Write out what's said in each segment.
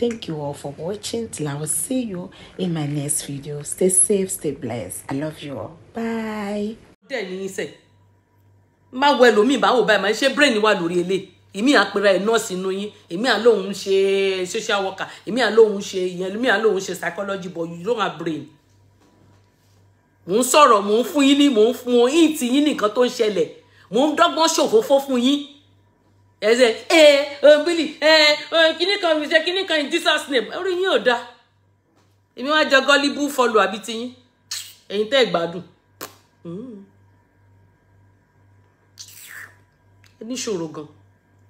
Thank you all for watching. Till I will see you in my next video. Stay safe, stay blessed. I love you all. Bye. Dẹ́ni iṣẹ́, máa wọ ẹlòmíì báwo báyìí, máa ń ṣe brain wa lórí ilé. Èmi à ń pera ẹ̀ nọ́ọ̀sì inú yín, èmi a lóun ṣe social worker, èmi a lóun ṣe ìyẹn, èmi a lóun ṣe psychology but you don't have brain. Mò ń sọ̀rọ̀, mò ń fún yín ní, mò ń fún yín, ìtì yín nìkan tó ń ṣẹlẹ̀, mò ẹ ṣe ẹ òbílì ẹ kíní kan fi ṣe kíní kan in Jesus name orí yín ò da èmi wá jẹ gọlíbù fọlù àbí tiyín ẹ̀yin tẹ́ gbádùn hmm. ẹ níṣòro gan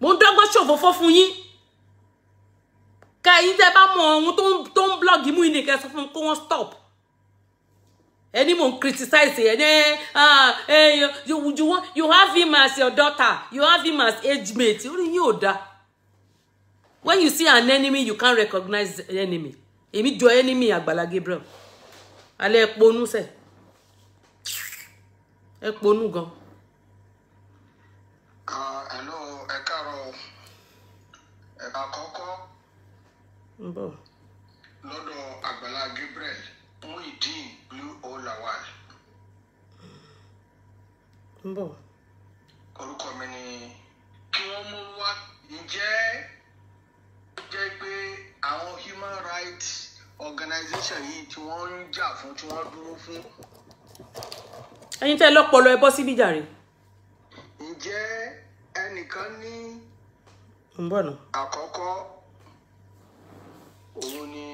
mo ń dọ́gbọ́n ṣòfófó fún yín ká ẹ̀yin tẹ́ bá mọ ohun tó ń blọọgì mú yín nìkan sọ fún kó wọn stop ẹni mò ń criticize ẹ ẹ ẹ ah, eh, you you want you have him as your daughter you have him as age mate orí yín ò dáa when you see an enemy you can't recognize enemy èmi jọ enemy Àgbàlá Gabriel alẹ́ ẹ ponú sẹ̀ ẹ ponú gan. Ah, hello ẹ káàárọ̀ koko. kọ́kọ́ lọ́dọ̀ Àgbàlá Gabriel Muyideen Lawal. ń bọ̀. orúkọ mi ni kí wọ́n mú wá ǹjẹ́ jẹ́ pé àwọn human rights organization yìí tí wọ́n ń jà fún tí wọ́n dúró fún. ẹ̀yin tẹ́ lọ́pọlọ ẹ bọ́ síbí jàre. ǹjẹ́ ẹnìkan ní. ń nù. àkọ́kọ́ òun ni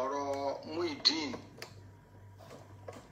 ọ̀rọ̀ Muyideen.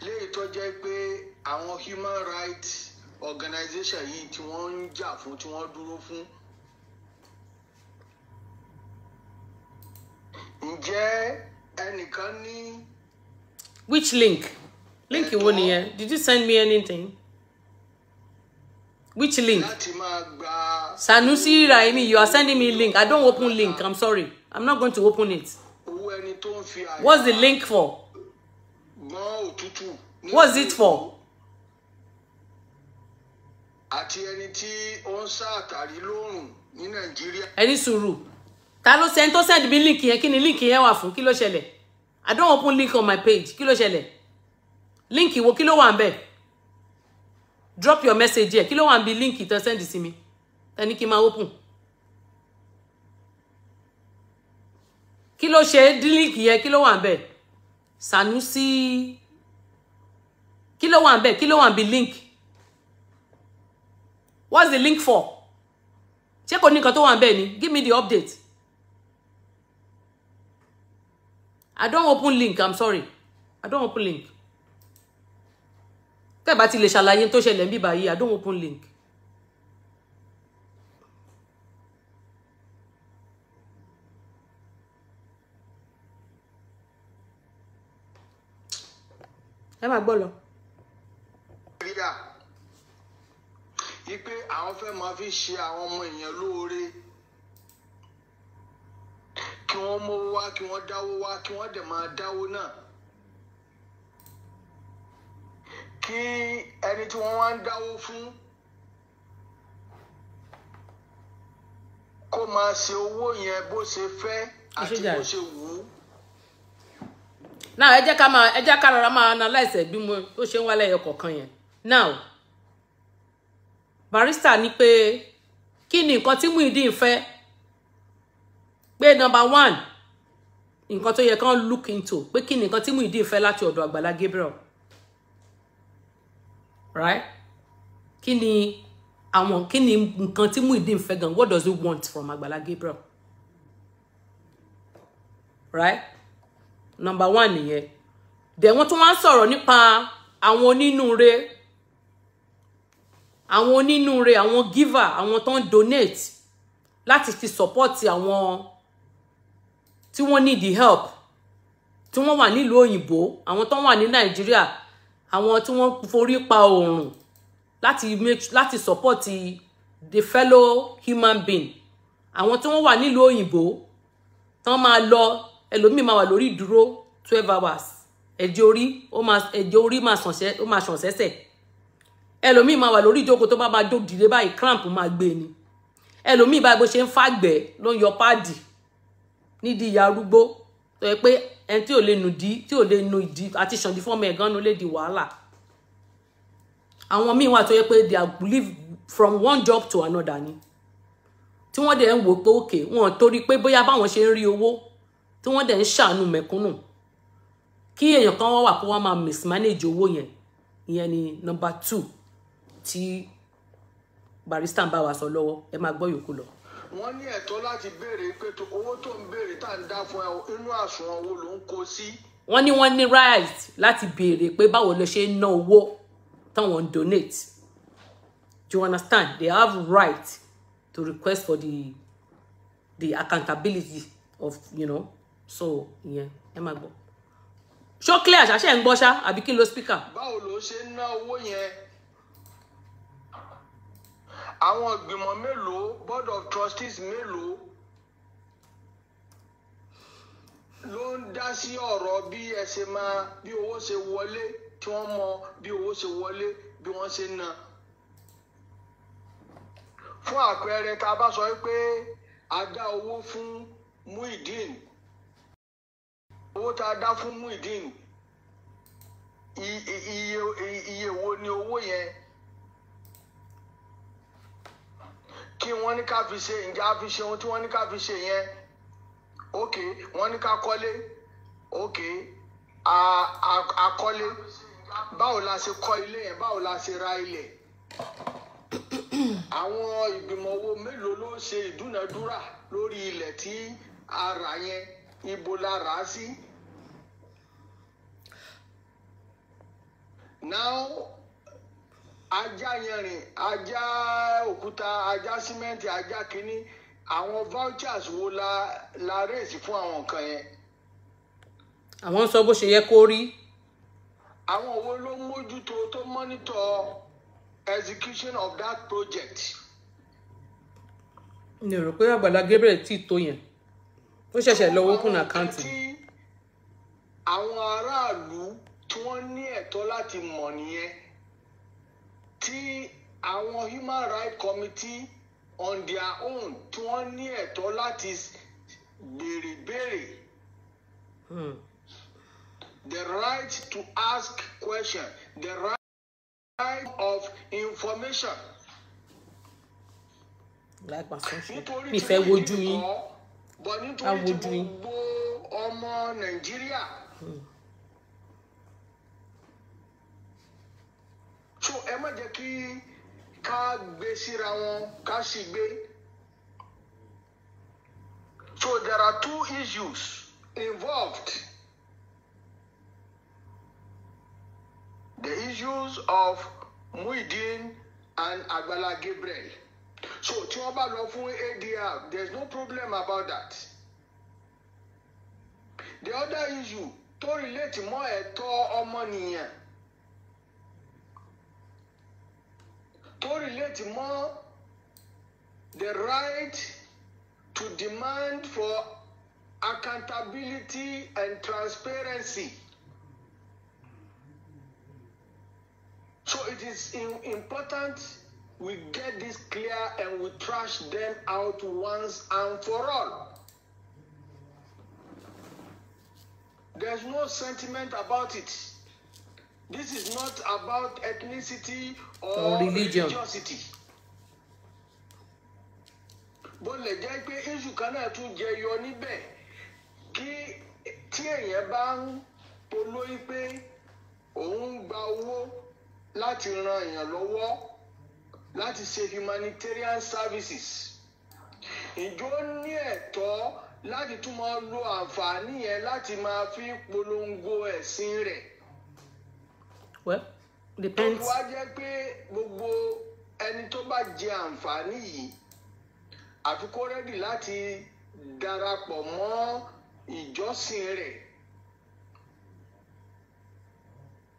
léyìí tó jẹ́ pé àwọn human rights organization yìí tí wọ́n ń jà fún tí wọ́n dúró fún. ǹjẹ́ ẹnìkan ní. which link link wo nìyẹn did you send me anything which link sanusi raimi you are sending me link i don't open link i'm sorry i'm not going to open it. what's the link for gbọ́n òtútù. what's it for. àti ẹni tí ó ń sá àtàrí lóòrùn ní nàìjíríà. ta ló sẹ́ni tó send mi link yẹn Kini link yẹn wa fun kilo ló i don't open link on my page Kilo ló ṣẹlẹ̀ link wo kí ló wà drop your message here. Kilo wa wà ń bi link tó send sí mi ẹni kí n open. Kilo ló ṣe dílíǹkì yẹn kí ló wà Sanusi kí ló wà ń bẹ̀ kí ló wà ń bi link what's the link for ṣé kò ní nǹkan tó wà ń bẹ̀ ni give me the update I don't open link I'm sorry I don't open link tẹ́ẹ̀ bá ti lè ṣàlàyé tó ṣẹlẹ̀ ń bíbá yìí I don't open link ẹ máa gbọ́ lọ. rídà àwọn fẹ́ máa fi ṣe àwọn ọmọ èèyàn lóore kí wọ́n mówó wá kí wọ́n dáwó wá kí wọ́n dẹ̀ máa dáwó náà kí ẹni tí wọ́n wá ń dáwó fún kó máa ṣe owó yẹn bó ṣe fẹ́ àti bó ṣe wù ú now ẹ jẹ́ ká máa ẹ jẹ́ ká rọra máa analyse bí mo ó ṣe ń wá lẹ́yọ kọ̀ọ̀kan yẹn now barista ní pé kí ni nǹkan tí Muyideen fẹ́ pé number one nǹkan tó yẹ kán look into pé kí ni nǹkan tí Muyideen fẹ́ láti ọ̀dọ̀ Àgbàlá Gabriel right kí ni àwọn kí ni nǹkan tí Muyideen fẹ́ gan what does he want from Àgbàlá Gabriel right number one nìyẹn dẹ̀ wọ́n tún wá ń sọ̀rọ̀ nípa àwọn onínúure àwọn onínúure àwọn giver àwọn tó ń donate láti fi support àwọn tí wọ́n need the help tí wọ́n wà nílùú òyìnbó àwọn tó wà ní nàìjíríà àwọn tí wọ́n forí pa oòrùn láti make láti support the fellow human being àwọn tí wọ́n wà nílùú òyìnbó tán máa lọ ẹlòmíì máa wà lórí ìdúró twelve hours ẹ̀jẹ̀ orí ó máa ẹ̀jẹ̀ orí máa ṣànṣẹ́ ó máa ṣànṣẹ́sẹ̀ ẹlòmíì máa wà lórí ìjókòó tó bá máa jó dìde báyìí cramp máa gbé ni ẹlòmíì báyìí bó ṣe ń fàgbẹ́ ló ń yọ páàdì nídìí ìyá arúgbó tó yẹ pé ẹni tí ò lè nù dí tí ò lè nù ìdí àti ṣàǹdí fọ́ọ̀mù ẹ̀gán ló lè di wàhálà àwọn míì wà tó yẹ pé they are live from one job to another ni tí wọ́n dẹ̀ ń wò pé òkè wọn torí pé bóyá báwọn ṣe ń rí owó tí wọ́n dẹ̀ ń ṣàánú mẹ̀kúnnù kí èèyàn kan wá wà kó wá máa mismanage owó yẹn ìyẹn ni number two tí barista ń bá wa sọ lọ́wọ́ ẹ máa gbọ́ yòókù lọ. wọ́n ní ẹ̀tọ́ láti béèrè pé owó tó ń béèrè tá à ń dá fún ẹ inú àsùnwọ̀n wo ló ń kó sí. wọ́n ní wọ́n ní right láti béèrè pé báwo ló ṣe ń ná owó táwọn ń donate do you understand they have right to request for the the accountability of you know so ìyẹn ẹ máa gbọ́ ṣó clear àṣàṣe ń gbọ́ ṣá àbí kí n lo speaker. báwo ló ṣe ń ná owó yẹn àwọn ìgbìmọ̀ mélòó board of trustees mélòó ló ń dá sí ọ̀rọ̀ bí ẹ ṣe máa bí owó ṣe wọlé tí wọ́n mọ bí owó ṣe wọlé bí wọ́n ṣe ná. fún àpẹẹrẹ tá a bá sọ pé a dá owó fún Muideen owó tá a dá fún Muideen iye iye wo ni owó yẹn kí wọ́n ní ká fi ṣe ǹjẹ́ a fi ṣe ohun tí wọ́n ní ká fi ṣe yẹn ok wọ́n ní ká kọ́lé ok a kọ́lé báwo la ṣe kọ́ ilé yẹn báwo la ṣe ra ilẹ̀ àwọn ìgbìmọ̀ owó mélòó ló ṣe ìdúnadúrà lórí ilẹ̀ tí a rà yẹn ibo la rà á sí. Si now ajá yanrìn ajá òkúta ajá símẹ́ǹtì ajá kínní àwọn vouchers wo la la rèsì fún àwọn nǹkan yẹn. àwọn sọ bó ṣe yẹ kó rí. àwọn wo ló mójútó tó mọ́nítọ̀ execution of that project. mi ò rò pé Àgbàlá Gabriel tí ì tó yẹn ó ṣẹ̀ṣẹ̀ lọ open account. àwọn aráàlú tí wọ́n ní ẹ̀tọ́ láti mọ̀ nìyẹn tí àwọn human rights committee on their own tí wọ́n ní ẹ̀tọ́ láti béèrè béèrè. Hmm. The right to ask question, the right of information. Nítorí tí ìfẹ́ wojú yín, á wojú yín. Nítorí tí ọmọ Nàìjíríà. so ẹ má jẹ́ kí ká gbé síra wọn ká sì gbé so there are two issues involved the issues of Muideen and Agbala Gabriel so tí wọ́n bá lọ fún ADR there is no problem about that the other issue tó relate mọ́ ẹ̀tọ́ ọmọnìyàn. To relate more, the right to demand for accountability and transparency. So it is important we get this clear and we trash them out once and for all. There's no sentiment about it. This is not about ethnicity or, or religion. religiosity. Bó lè jẹ́ pé Jésù kan náà tún jẹyọ níbẹ̀ kí tí èèyàn bá ń polóyí pé òun ń gba owó láti ran èèyàn lọ́wọ́ láti ṣe humanitarian services. Ìjọ ní ẹ̀tọ́ láti tún máa lo àǹfààní yẹn láti máa fi polongo ẹ̀sìn rẹ̀ well depends. wá jẹ́ pé gbogbo ẹni tó bá jẹ àǹfààní yìí àfi kó rẹ́dì láti darapọ̀ mọ́ ìjọsìn rẹ̀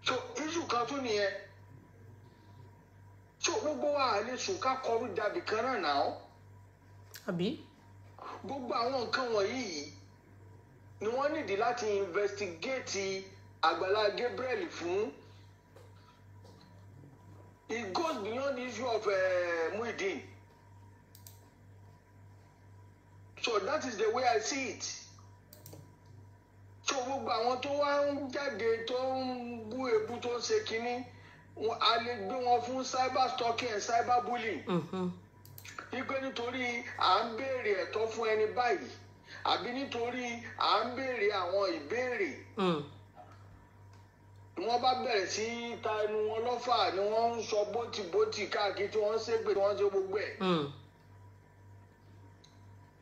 so iṣu kan tún nìyẹn so gbogbo wa àlè sùn ká kọrú dàbí kan náà nà ó. àbí. gbogbo àwọn nǹkan wọ̀nyí ni wọ́n nídìí láti investigate Àgbàlá Gabriel fún it goes beyond the issue of uh, eh, Muideen. So that is the way I see it. So gbogbo àwọn tó wá ń jáde tó ń bú ebú tó ń ṣe kínní a lè gbé wọn fún cyber stalking and cyber bullying. Ipe mm-hmm. nítorí à ń béèrè ẹ̀tọ́ fún ẹni báyìí àbí nítorí à ń béèrè àwọn ìbéèrè. Mm-hmm ni bá bẹ̀rẹ̀ sí í ta ẹnu wọn lọ́fà ni wọ́n ń sọ bótìbótì káàkiri tí wọ́n ń ṣépè tí ṣe gbogbo ẹ̀. Hmm.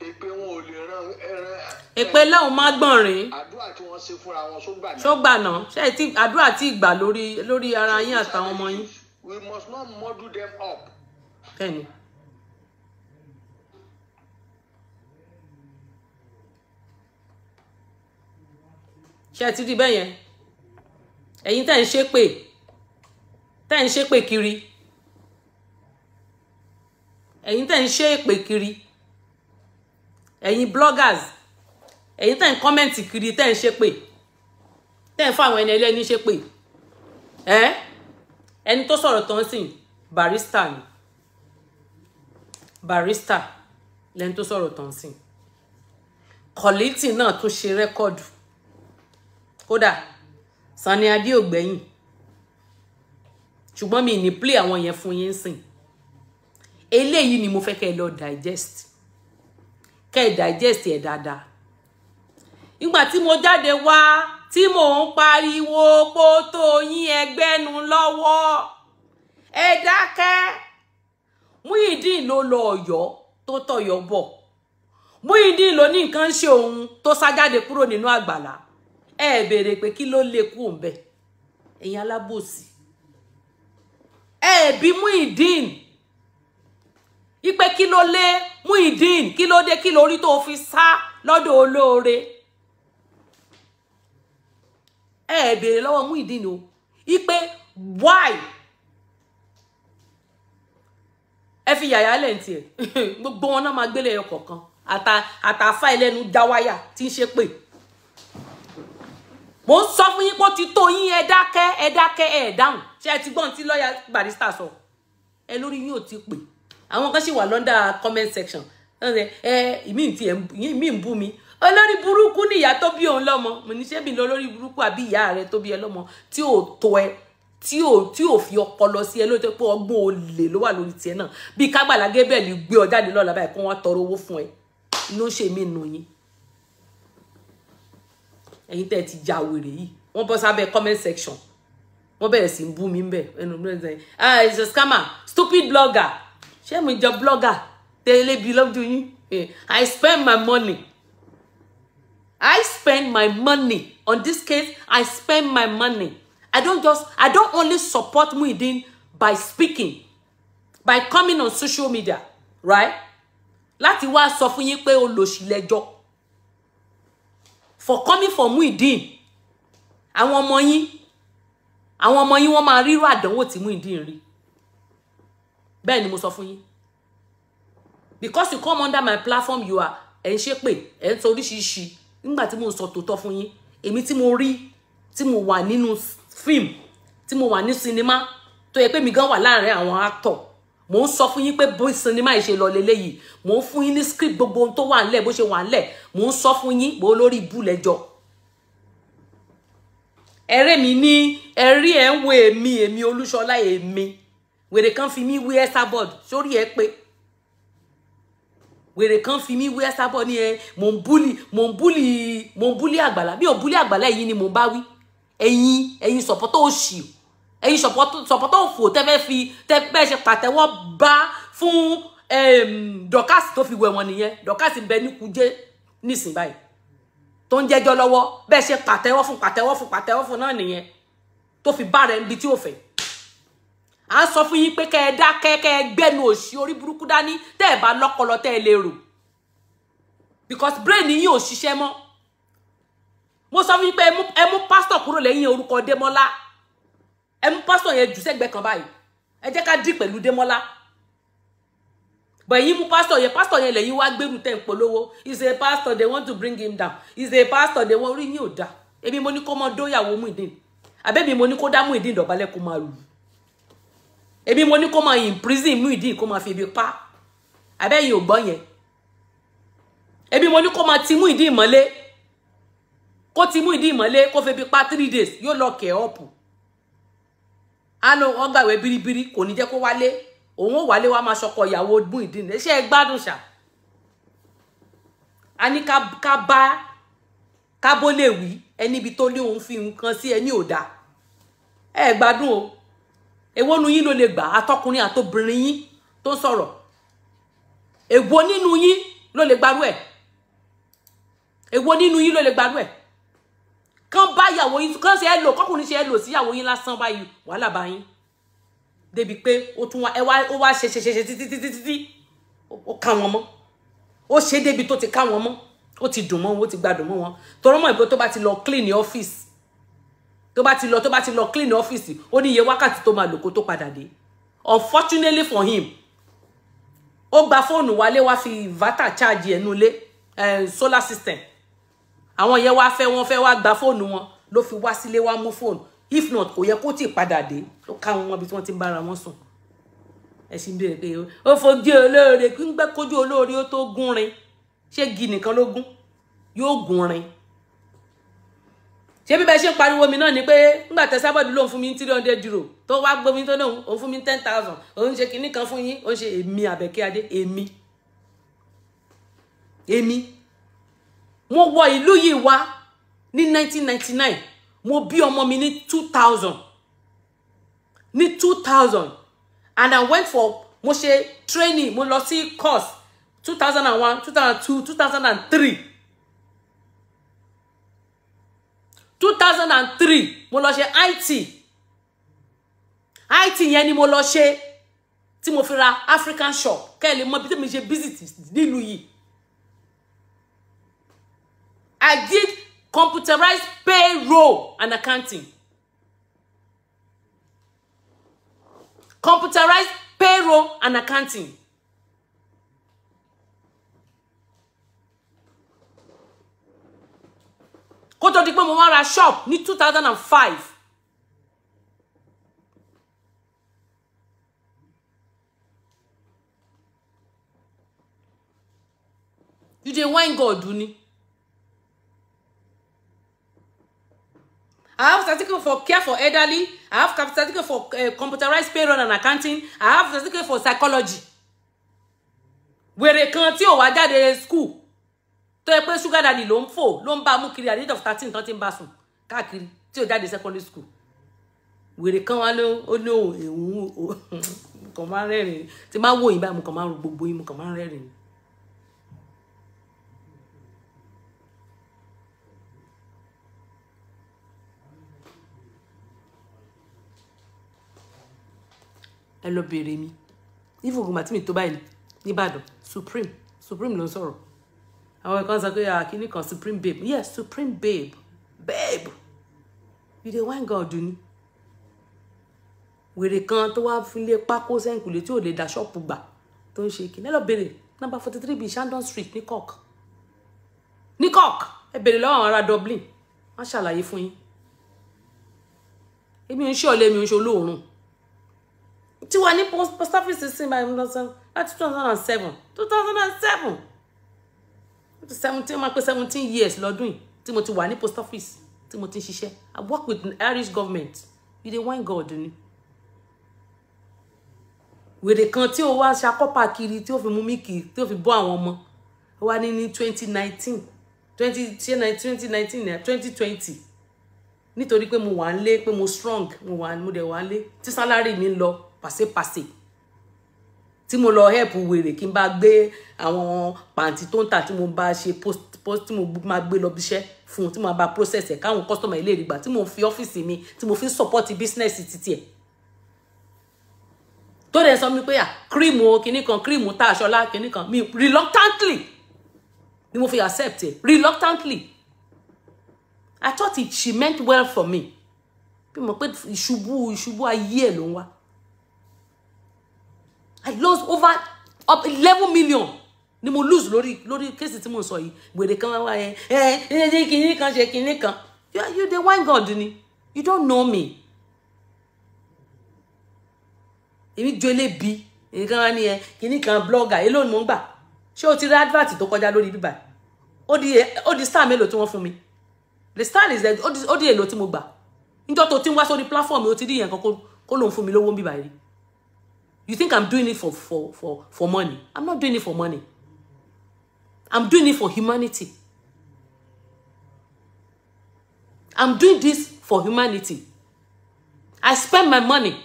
èpè wọn ò lè ran ẹran. èpè lẹ́hùn má gbọ̀n rìn. àdúrà tí wọ́n ṣe fúnra wọn sógbà náà. sógbà náà ti àdúrà tí ìgbà lórí lórí ara yín àtàwọn ọmọ yín. we must not muddle them up. bẹ́ẹ̀ni. ṣe ti rí bẹ́ẹ̀ yẹn. ẹ̀yin tẹ́ ń tẹ́ kiri ẹ̀yin tẹ́ ń kiri ẹ̀yin bloggers ẹ̀yin tẹ́ ń kiri tẹ́ ń ṣépè tẹ́ ń fáwọn ẹni ẹlẹ́ni ṣépè ẹ́ ẹni tó sọ̀rọ̀ tó barista ni barista lẹni tó sọ̀rọ̀ tó sìn kọ̀lìtì náà tún ṣe Sani Adé ò gbẹ̀yìn mi ni play àwọn yẹn fún yín sìn eléyìí ni mo fẹ́ kẹ́ lọ digest kẹ́ digest ẹ̀ dáadáa ìgbà tí mo jáde wá tí mò ń pariwo pótó yín ẹgbẹ́nu lọ́wọ́ ẹ dákẹ́ Muyideen ló lọ Ọ̀yọ́ tó tọ̀yọ́ bọ̀ Muyideen ló ní nǹkan ṣe òun tó sá jáde kúrò nínú àgbàlá ẹ béèrè pé kí ló lè kú òǹbẹ ẹ̀yin alábòsí ẹ bí Muyideen ipe kí ló lé Muyideen kí ló dé kí ló rí tó fi sá lọ́dọ̀ olóore ẹ béèrè lọ́wọ́ Muyideen o ipe why ẹ fi yàyà lẹ̀ ń tiẹ̀ gbogbo wọn náà máa gbélé ẹyọ kọ̀ọ̀kan àtàfà ẹlẹ́nu jáwáyà tí ń ṣe pé mo ń sọ fún yín pé ó ti tó yín ẹ dákẹ́ ẹ dákẹ́ ẹ dáhùn ṣé ẹ ti gbọ́n tí lọ́ọ̀yà barista sọ ẹ lórí yín ò ti pè àwọn kan ṣì wà lọ́ndà comment section ẹ ìmí ti ẹ ìmí ń bú mi olórí burúkú ni ìyá tó bí òun lọ́mọ mo ní ṣé mi lọ lórí burúkú àbí ìyá rẹ tó bí ẹ lọ́mọ tí ò tó ẹ tí ò tí ò fi ọpọlọ sí ẹ ló jẹ pé ọgbọ́n olè ló wà lórí tiẹ̀ náà bíi kágbàlá gbé ọ jáde báyìí kó wọ́n tọrọ owó fún ẹ inú ṣe nù yín ẹ̀yin tẹ́ ẹ ti ja wèrè yìí wọ́n bọ́ sábẹ́ comment section wọ́n bẹ̀rẹ̀ sí ń bú mi bẹ̀ ẹnu mi lẹ́sẹ̀ ah it's a scammer stupid blogger ṣé mi jọ blogger tẹ́lẹ̀ bí lọ́dún yín eh, I spend my money I spend my money on this case I spend my money I don't just I don't only support Muideen by speaking by coming on social media right láti wá sọ fún yín pé olòṣìlẹ́jọ́ for coming for Muideen àwọn ọmọ yín àwọn ọmọ yín wọ́n máa rírò àdánwò tí Muideen rí bẹ́ẹ̀ ni mo sọ fún yín because you come under my platform you are ẹ̀ ń ṣe pé ẹ̀ ń sọ oríṣiríṣi nígbà tí mo ń sọ tòótọ́ fún yín èmi tí mo rí tí mo wà nínú fíìmù tí mo wà ní sinimá tó yẹ pé mi gan wà láàrin àwọn actor mò ń sọ fún yín pé bó sinimá ìṣe lọ leléyìí mò ń fún yín ní script gbogbo ohun tó wà ńlẹ̀ bó ṣe wà ńlẹ̀ mò ń sọ fún yín bó lórí ibú lẹ́jọ́ ẹ̀rẹ́ mi ní ẹ̀rí ẹ̀ ń wo èmi èmi olúṣọlá èmi wèrè kan fi mí wí ẹ́sàbọ̀d sórí ẹ pé wèrè kan fi mí wí ẹ́sàbọ̀d ní ẹ mò ń búlì mò ń búlì mò ń búlì àgbàlá bí ò búlì àgbàlá ẹ̀yin ni mò ń bá wí ẹ̀yin ẹ̀yin sọ̀pọ̀tọ̀ òṣì o ẹ̀yin sọ̀pọ̀tọ̀ òfò tẹ́fẹ́ fi tẹ́fẹ́ ṣe pàtẹ́wọ́ bá fún ehm, dọ́kàsì tó fi wẹ̀ wọ́n nìyẹn dọ́kàsì bẹ ní kújé nísìn báyìí tó ń jẹ́jọ́ lọ́wọ́ bẹ́ẹ̀ ṣe pàtẹ́wọ́ fún pàtẹ́wọ́ fún pàtẹ́wọ́ fún náà nìyẹn tó fi bá rẹ̀ níbi tí ò fẹ́ à ń sọ fún yín pé kẹ́ ẹ dákẹ́ kẹ́ ẹ gbẹ́nu òṣì orí burúkú dání tẹ́ ẹ bá lọ́pọlọ tẹ́ ẹ lè rò because brain yín ò ṣiṣẹ́ mọ́ mo sọ fún yín pé ẹ mú pásítọ̀ kúrò lẹ́yìn orúkọ Démọ́lá ẹ mú pásítọ̀ yẹn jù sẹ́gbẹ̀ẹ́ kan báyìí ẹ jẹ́ ká dì pẹ̀lú Démọ́lá but ẹ̀yin mú pásítọ̀ yẹn pásítọ̀ yẹn lẹ́yìn wá gbèrú tẹ̀ ń polówó is a pastor they want to bring him down is a pastor they want orí yín ò dá èmi mo ní kó mọ dóyàwó Muyideen àbẹ́mi mo ní kó dá Muyideen dọ̀bálẹ̀ kó máa lù èmi mo ní kó máa in prison Muyideen kó máa fi ibi pa àbẹ́yìn ò gbọ́ yẹn èmi mo ní kó máa ti Muyideen mọ́lé kó ti Muyideen mọ́lé kó fi ibi pa three days yóò lọ kẹ́ ọ̀pù á ló wọn gbàwé biribiri kò ní jẹ́ kó wálé òun ò wálé wá máa ṣọkọ ìyàwó Muyideen ní ṣe é gbádùn ṣá a ní ká bá kábó lè wí ẹni ibi tó ní òun fi nǹkan sí ẹni ò ẹ gbádùn o èwo nu yín ló lè gbà àtọkùnrin àtobìnrin yín tó sọ̀rọ̀ èwo nínú yín ló lè gbarú ẹ̀ èwo nínú yín ló lè gbarú ẹ̀ kán bá ìyàwó yín kán ṣe ẹ lò kọkùnrin ṣe ẹ lò sí ìyàwó yín lásán báyìí wàhálà bá yín débi pé ó tún wá ẹ wá ó wá ṣe ṣe ṣe ṣe títí títí títí ó ká wọn mọ́ ó ṣe débi tó ti ká wọn mọ́ ó ti dùn mọ́ wọn ó ti gbádùn mọ́ wọn tọrọ mọ ìbò tó bá ti lọ clean ní office. tó bá ti lọ tó bá ti lọ clean ní office. ó ní iye wákàtí tó máa lò kó tó padà dé unfortunately for him ó gba fóònù wálé wá fi vata charge ẹnu ilé eh, solar system àwọn yẹn wá fẹ́ wọn fẹ́ wá gba fóònù wọn ló fi wá sílé wá mú fóònù if not kò yẹ kó tí ì padà dé ó ká wọn wọn bí wọ́n ti ń bára wọn sùn ẹ sì ń béèrè pé ó fojú olóore kí n gbẹ kójú olóore ó tó gún rin ṣé gi nìkan ló gún yóò gún rin ṣé bíbẹ ṣe ń pariwo mi náà ni pé ńgbà tẹ sábàdì lòun fún mi three hundred euro tó wá gbomi tó náà òun fún mi ten thousand òun ṣe kinní kan fún yín òun ṣe èmi àbẹ̀kẹ́ èmi èmi mo wọ ìlú yìí wá ní 1999 mo bí ọmọ mi ní 2000 ní 2000 and I went for mo ṣe training mo lọ sí course 2001 2002 2003 2003 mo lọ ṣe IT IT yẹn ni mo lọ ṣe tí mo fi ra African shop kẹ́ mo lè mọ bí tèmi ṣe visit nílùú yìí I did computerized payroll and accounting. Computerized payroll and accounting. Kó tó di pé mo wá ra shop ní two thousand and five. You dey whine God ni. I have certificate for care for elderly. I have certificate for uh, computerized payroll and accounting. I have certificate for psychology. Wèrè kan tí ò wá jáde school. Tó yẹ pé sugar daddy ló ń fò ló ń bá kiri at the age of thirteen tán ti ń bá sùn káàkiri secondary school. Wèrè kan wá ló Oh ní òun òun kàn máa ń rẹ́rìn-ín. Tí máa ń wò yín báyìí mo ẹ lọ bèrè mi ifo ogun màtí mi tó báyìí nìbàdàn supreme supreme ló ń sọ̀rọ̀ àwọn kan sọ pé àkíní ah, kan supreme babe yes supreme babe babe you dey wine god ni wèrè kan tó wá fílé pákó sẹ́yìnkùlé tí ò lè da ṣọ́ọ̀pù gbà tó ń ṣe kíní lọ bèrè number forty three bíi shandon street ní cork ní cork ẹ bèrè lọ́wọ́ àwọn ará dublin wọ́n ṣàlàyé fún yín èmi ń ṣe ọ̀lẹ mi ń ṣe olóòórùn tí wà ní post office sí báyìí láti two thousand and seven two thousand and seven seventeen máa pé seventeen years lọ́dún yìí tí mo ti wà ní post office tí mo ti ń ṣiṣẹ́ I work with Irish government you dey whine God ni wèrè kan tí o wá ṣakọ́pà kiri tí o fi mú mílìkì tí o fi bọ́ àwọn ọmọ ó wá ní ní twenty nineteen twenty twenty nineteen twenty twenty nítorí pé mo wà ń lé pé mo strong mo wà mo dẹ̀ wà ń lé tí sálárì mi ń lọ pàṣẹpàṣẹ tí mo lọ help wèrè kí n bá gbé àwọn pàǹtí tó ń mo bá ṣe post post tí mo máa gbé lọ bíṣẹ́ fún tí mo bá process ẹ̀ káwọn customer ilé ìrìgbà tí mo fi ọ́fíìsì mi tí mo fi support business títí ẹ̀ tó dẹ̀ sọ mi pé à cream o kinní kan cream tá aṣọlá kinní kan mi reluctantly ni mo fi accept ẹ̀ reluctantly I thought it she meant well for me bí mo pé ìṣubú ìṣubú ayé ẹ̀ ló ń I lost over up eleven million ni mo lose lórí lórí kéèsì tí mo sọ yìí gbèrè kan wá ẹ ẹ Eh? eh, eh kìnìún kan ṣe kìnìún kan you you the one god ni you don't know me èmi ju elébi nǹkan wá ní ẹ eh, kìnìún kan blogger èló ni mo ń gbà ṣé o ti rí advert tó kọjá lórí bíbá ó di ó di star mélòó tí wọ́n fún mi the star is that ó di èlò tí mo gbà níjọ́ tó ti ń wá sórí platform o ti rí ìyẹn kan kó lóun fún mi lówó ń bíbá yìí. You think I'm doing it for, for, for, for money? I'm not doing it for money. I'm doing it for humanity. I'm doing this for humanity. I spend my money.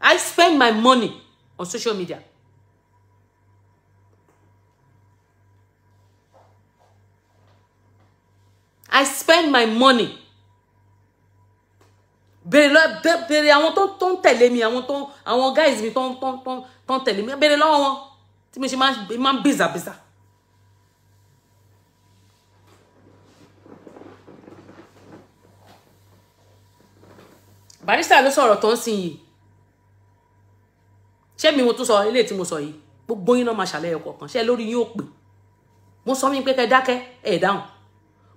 I spend my money on social media. I spend my money béèrè lọ béèrè àwọn tó tó ń tẹ̀lé mi àwọn tó àwọn guys mi tó ń tó ń tó ń tẹ̀lé mi béèrè lọ́wọ́ wọn tí mo ṣe máa ń bìzàbìzà. barista ló sọ̀rọ̀ tó ń sìn yìí ṣé mi mo tún sọ eléyìí tí mo sọ yìí gbogbo yín náà máa ṣàlàyé ọkọ̀ kan ṣé lórí yín ò pè mo sọ mí pé kẹ́ dákẹ́ ẹ̀ dáhùn.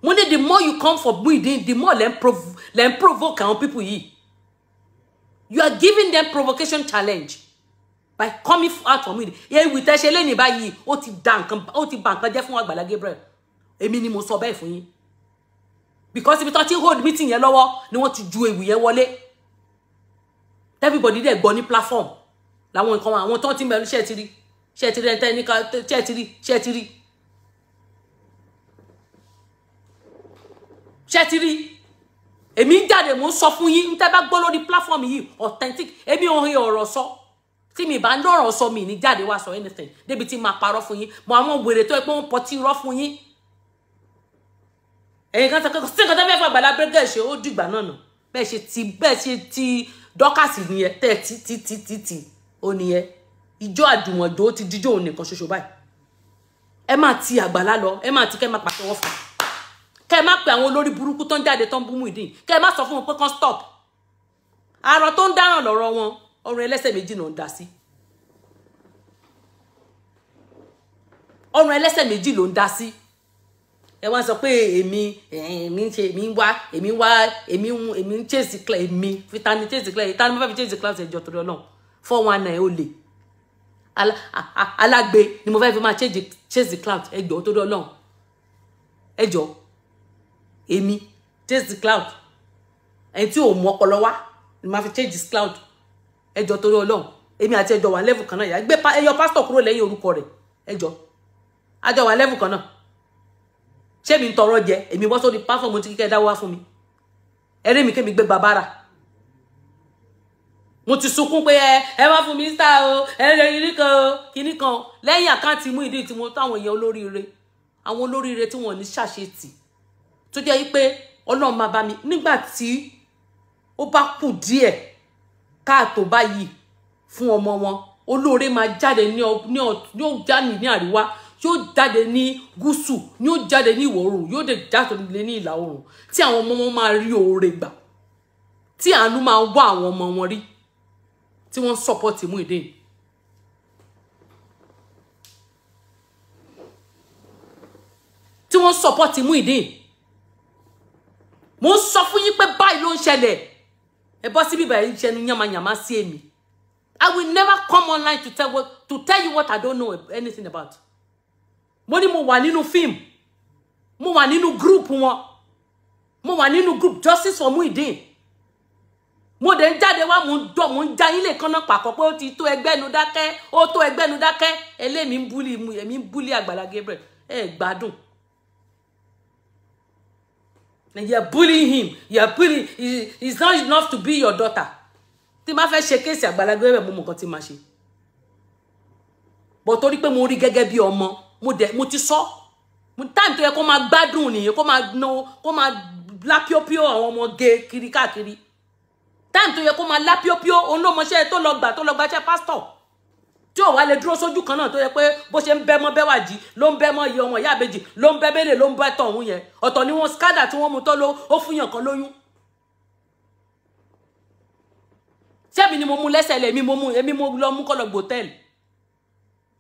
When the more you come for Muideen the more them prov them provoke àwọn people here. you are giving them provocation challenge by coming out for Muideen yẹ ìwì tẹ́ ṣe lẹ́yìn báyìí o ti da o ó ti ba nǹkan jẹ́ fún Àgbàlá Gabriel èmi ni mo sọ bẹ́ẹ̀ fún yín because if tó ti hold meeting yẹn lọ́wọ́ ni wọ́n ti ju ìwì yẹn wọlé everybody there, gbọ́ ní platform làwọn nǹkan àwọn tó ti mẹ́rin ṣẹ́ẹ̀tì rí ṣẹ́ẹ̀tì rí ẹ̀ńtẹ́ ní ká ṣẹ́ẹ̀tì rí ṣẹ́ẹ̀tì rí ṣẹ́tìrì èmi ń jáde mò ń sọ fún yín tẹ́ bá gbọ́ lórí platform yìí authentic èmi ò rí ọ̀rọ̀ sọ tí mi bá ń lọ́rọ̀ sọ mi ní jáde wá sọ anything débi tí máa parọ́ fún yín mọ àwọn wèrè tó yẹ pé wọ́n pọtí rọ́ fún yín ẹ̀yin kan sọ sí nǹkan tó fẹ́ fún àgbàlá bẹ́gẹ̀ ṣe ó dìgbà náà nà bẹ́ẹ̀ ṣe ti bẹ́ẹ̀ ṣe ti dọ́kàsì nìyẹn tẹ́ ti ti ti ti ti ó nìyẹn ìjọ àdùmọ̀jọ́ ó ti díjọ́ òun nìkan ṣoṣo báyìí ẹ máa ti àgbàlá lọ ẹ máa ti kẹ́ máa pàtẹ́wọ́ fún un kẹ má pe àwọn olórí burúkú tó ń jáde tó ń bú Muyideen kẹ má sọ fún wọn pé kán stop àrọ tó ń dáràn lọ́rọ̀ wọn ọrùn ẹlẹ́sẹ̀ méjì náà ń dá sí ọrùn ẹlẹ́sẹ̀ méjì ló ń dá sí ẹ wá sọ pé èmi èmi ń ṣe èmi ń wá èmi ń wá èmi ń èmi ń chase clear èmi fi ta ni chase clear ta ni mo fẹ́ fi chase clear ṣe ìjọ torí ọlọ́run four one nine ó lè alágbe ni mo fẹ́ fi máa chase cloud ẹjọ́ torí ọlọ́run ẹjọ́ Emi change the cloud ẹni tí ò mú ọpọlọ wá ni màá fi change the cloud ẹjọ torí Ọlọ́run èmi àti ẹjọ wà level kan náà yà gbé ẹyọ pásítọ̀ kúrò lẹ́yìn orúkọ rẹ̀ ẹjọ àjọ wà level kan náà ṣé mi ń tọrọ jẹ èmi wọ́n sórí pásítọ̀ mo ti kíkẹ́ dáwọ́ wá fún mi ẹrí mi kémi gbé babara mo ti sunkún pé ẹ ẹ wá fún mínísítà o ẹ ẹ kìíní kan o kìíní kan lẹ́yìn àkáǹtì mú ìdí tí mo táwọn èèyàn olóríire àwọn olóríire tí wọ́n ní ṣàṣetì tó jẹ́ wípé ọlọ́run máa bá mi nígbà tí ó bá kù díẹ̀ káàtó báyìí fún ọmọ wọn olóore máa jáde ní yóò jáde ní àríwá yóò jáde ní gúúsù yóò jáde ní ìwọ̀ oòrùn yóò dé jáde ní ìlà oòrùn tí àwọn ọmọ wọn máa rí oore gbà tí àánú máa wá àwọn ọmọ wọn rí tí wọ́n sọ́pọ́tì mú ìdí yìí. tí wọ́n sọ́pọ́tì mú ìdí mo ń sọ fún yín pé báyìí ló ń ṣẹlẹ̀ ẹ bọ́ sí bíbá ẹ̀ ń ṣẹnu yànmáyànmá sí èmi I will never come online to tell, what, to tell you what I don't know anything about mo ní mo wà nínú fíìmù mo wà nínú group wọn mo wà nínú group justice for Muyideen mo dẹ̀ ń jáde wá mo ń dọ̀ mo ń já yín lè kánná pàkọ́ pé ó ti tó ẹgbẹ́nu dákẹ́ ó tó ẹgbẹ́nu dákẹ́ ẹlẹ́mi ń búlì ẹ̀mí ń búlì Àgbàlá Gabriel ẹ̀ gbádùn and are bullying him You are bullying he is not enough to be your daughter tí ma fẹ́ ṣe kéèsì àgbàlagbà ẹ̀rẹ̀ mo mọ nǹkan tí ma ṣe bọ̀ torí pé mo rí gẹ́gẹ́ bí ọmọ mo dẹ̀ ti sọ táìmù tó yẹ kó máa gbádùn nìyẹn kó máa no kó máa lápíọ́píọ́ àwọn ọmọ ge kiri káàkiri táìmù tó yẹ kó máa lápíọ́píọ́ òun ló mọṣẹ́ tó lọ gbà tó lọ gbàṣẹ́ pásítọ̀ tí ò wá lè dúró sójú kan náà tó yẹ pé bó ṣe ń bẹ́ mọ́ bẹ́wàjì ló ń bẹ́ mọ́ iye ọmọ ìyá àbejì ló ń bẹ́ bẹ́lẹ̀ ló ń bẹ́ tọ̀hún yẹn ọ̀tọ̀ ni wọ́n skádà tí wọ́n mu tọ́ ló ó fún yàn kan lóyún. sẹ́mi ni mo mu lẹ́sẹ̀ lẹ̀ èmi mo mu èmi mo lọ mú kọ́ lọ gbòtẹ́ẹ̀lì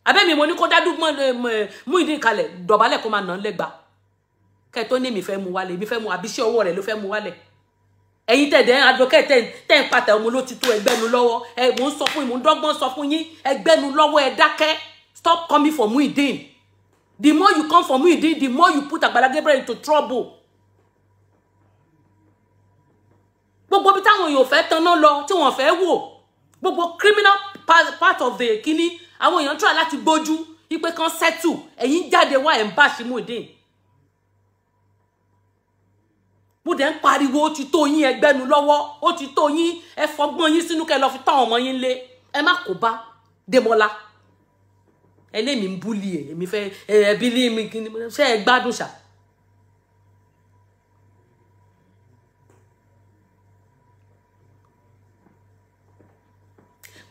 àbẹ́mi mo ní kó dádú eh, mú ìdí ìkalẹ̀ dọ̀bálẹ̀ kó máa nà án lẹ́gbàá kẹ́ tó ní èmi fẹ́ mu wálẹ̀ èmi fẹ́ mu àbíṣẹ́ ọwọ́ rẹ̀ ló fẹ́ mu wálẹ̀ ẹ̀yin tẹ̀dẹ̀ advocate tẹ̀ ń patẹ̀ ọmọ ló ti tó ẹgbẹ́nu lọ́wọ́ ẹ mò ń sọ fún yín mò ń dọ́gbọ́n sọ fún yín ẹgbẹ́nu lọ́wọ́ ẹ dákẹ́ stop coming for me, Muyideen the more you come for me, Muyideen the more you put Agbala Gabriel into trouble. gbogbo bí táwọn èèyàn fẹ́ tanná lọ tí wọ́n fẹ́ wò gbogbo criminal part of the kínní àwọn èèyàn try láti gbójú ipe kan settle ẹ̀yin jáde wá ẹ̀ ń bá Muyideen mo dẹ̀ ń pariwo ó ti tó yín ẹgbẹ́nu lọ́wọ́ ó ti tó yín ẹ fọgbọ́n yín sínú kẹ́ lọ fi tán ọmọ yín lé ẹ má kó bá Démọ́lá ẹlẹ́mi ń búlì ẹ̀ èmi fẹ́ ẹbí lé mi kí ni ṣe é gbádùn ṣá.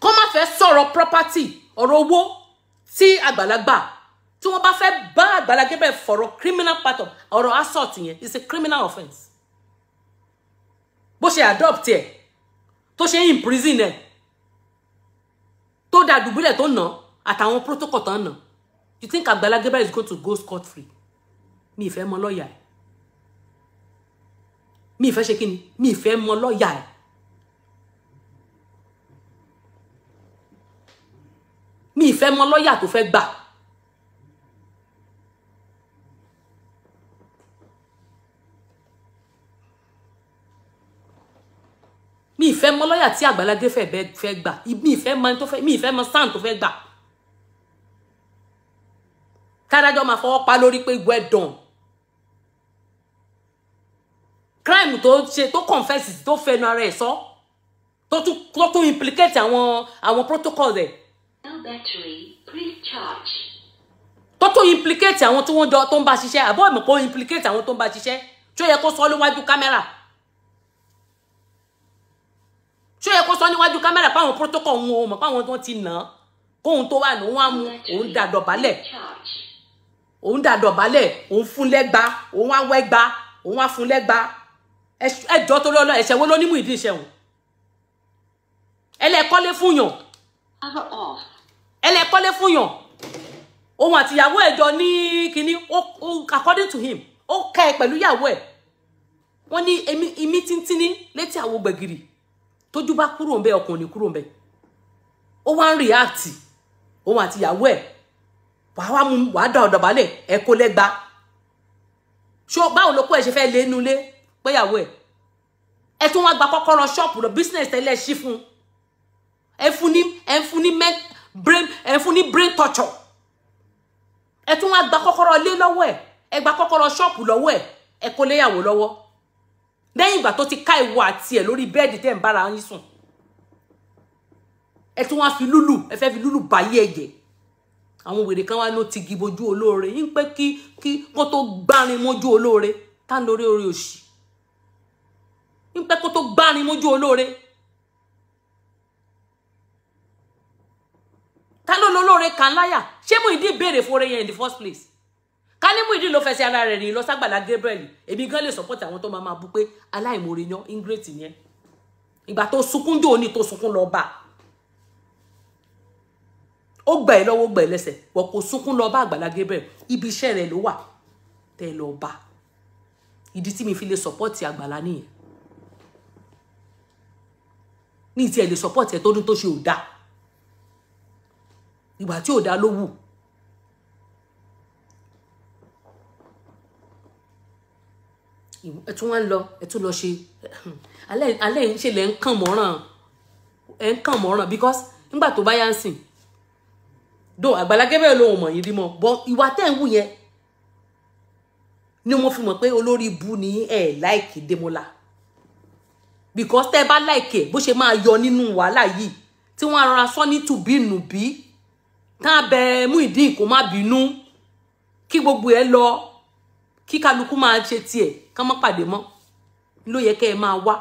kọ́ má fẹ́ sọ̀rọ̀ property ọ̀rọ̀ owó tí àgbàlagbà tí wọ́n bá fẹ́ bá àgbàlagbà fọ̀rọ̀ criminal part of ọ̀rọ̀ assault yẹn is a criminal offence bó ṣe adopt ẹ̀ tó ṣe prison. ẹ̀ tó da dùbúlẹ̀ tó nà àtàwọn protocol tó nà you think Agbala Gabriel is going to go scot free mi ìfẹ́ mọ lọ́ọ̀yà ẹ̀ mi ìfẹ́ ṣe kíni mi ìfẹ́ mọ lọ́ọ̀yà ẹ̀ mi ìfẹ́ mọ lọ́ọ̀yà tó fẹ́ gbà. mi ìfẹ́ mọ lọ́yà tí Àgbàlá Gabriel fẹ́ fẹ́ gbà mi ìfẹ́ mọ tó fẹ́ mi ìfẹ́ mọ sáà tó fẹ́ gbà tádájọ́ máa fọwọ́ pa lórí pé well done crime tó ṣe tó confess tó fẹnu ara ẹ̀ sọ tó tún tó tún implicate àwọn àwọn protocols ẹ̀ tó tún implicate àwọn tó ń bá ṣiṣẹ́ àbọ̀ ìmọ̀ kó implicate àwọn tó ń bá ṣiṣẹ́ tí yẹ kó sọ lójú kámẹ́rà ṣó yẹ kó sọ níwájú kámẹ́rà páwọn protocol ń wọn mọ̀ páwọn tó ti nà án kóhun tó wà ní wọn á mú òun dà dọ̀bálẹ̀ òun dà dọ̀bálẹ̀ òun fún lẹ́gba òun á wẹ́gba òun á fún lẹ́gba ẹjọ́ tó lọ́lọ́ ẹ̀ṣẹ̀ wo ló ní Muyideen ṣẹ̀wọ̀n ẹlẹ́kọ́lé fúnyàn ẹlẹ́kọ́lé fúnyàn òun àtìyàwó ẹ̀jọ́ ní kínní according to him ó kẹ́ ẹ pẹ̀lú ìyàwó ẹ̀ wọ́n ní èmi tíntín létí àwo gbẹ̀gìrì tójú bá kúrò ń bẹ ọkàn ò ní kúrò ń bẹ ó wá ń react òun àti ìyàwó ẹ wàá wá mú wàá dà ọ̀dọ̀ balẹ̀ ẹ kó lẹ́gba ṣó báwo ló kó ẹ ṣe fẹ́ lé péyàwó ẹ ẹ tún wá gba kọ́kọ́rọ́ ṣọ́ọ̀pù lọ business tẹ́lẹ̀ ṣí fún ẹ fún ní ẹ fún ní brain ẹ fún ní brain torture ẹ tún wá gba kọ́kọ́rọ́ lé lọ́wọ́ ẹ ẹ gba kọ́kọ́rọ́ ṣọ́ọ̀pù lọ́wọ́ ẹ ẹ kó léyàwó lọ́wọ́ lẹ́yìn ìgbà tó ti ká ìwọ àti ẹ̀ lórí bẹ́ẹ̀dì tẹ́ ń bára yín sùn ẹ tún wá fi lúlù ẹ fẹ́ fi lúlù báyé ẹ̀jẹ̀ àwọn wèrè kan wá ló ti gi bojú olóore yín pé kí kí kó tó gbárin mójú olóore tá ń lórí orí òṣì yín pé kó tó gbárin mójú olóore ta ló lólóore kan láyà ṣé mo ìdí ìbéèrè fún oore yẹn in the first place ká ní Muyideen ló fẹsẹ̀ ara rẹ̀ rìn lọ Gabriel Ebi gan lè support àwọn tó máa máa bú pé aláìmoore yan ingrate yẹn ìgbà tó sunkún jò ní tó sunkún lọ bá ó gbà ẹ lọ́wọ́ gbà ẹ lẹ́sẹ̀ wọ́n kò sunkún lọ bá àgbàlá Gabriel ibi iṣẹ́ rẹ̀ ló wà tẹ́ lọ bá ìdí tí mi fi lè support àgbàlá nìyẹn ní ti ẹ̀ lè support ẹ̀ tó dún tó ṣe ò dáa ìgbà tí ò dáa ló wù ẹ tún wá ń lọ ẹ tún lọ ṣe alẹ́ ń ṣe lẹ́ ń kàn mọ́ràn ẹ ń kàn mọ́ràn because nígbà tó bá yá ń sìn do Agbala Gabriel lòun mọ̀ yín rí mọ́ bọ́ ìwà tẹ́ ń wù yẹn ni mo fi mọ̀ pé olórí bu ni ẹ̀ láìkì Démọ́lá because tẹ́ ẹ bá láìkì bó ṣe máa yọ nínú wàhálà yìí tí wọ́n rọra sọ ní tùbínùbí tá a bẹ mú ìdí kó má bínú kí gbogbo ẹ lọ kí kálukú máa ṣe tiẹ̀ kán mọ́ pàdé mọ́ ló yẹ kẹ́ ẹ máa wá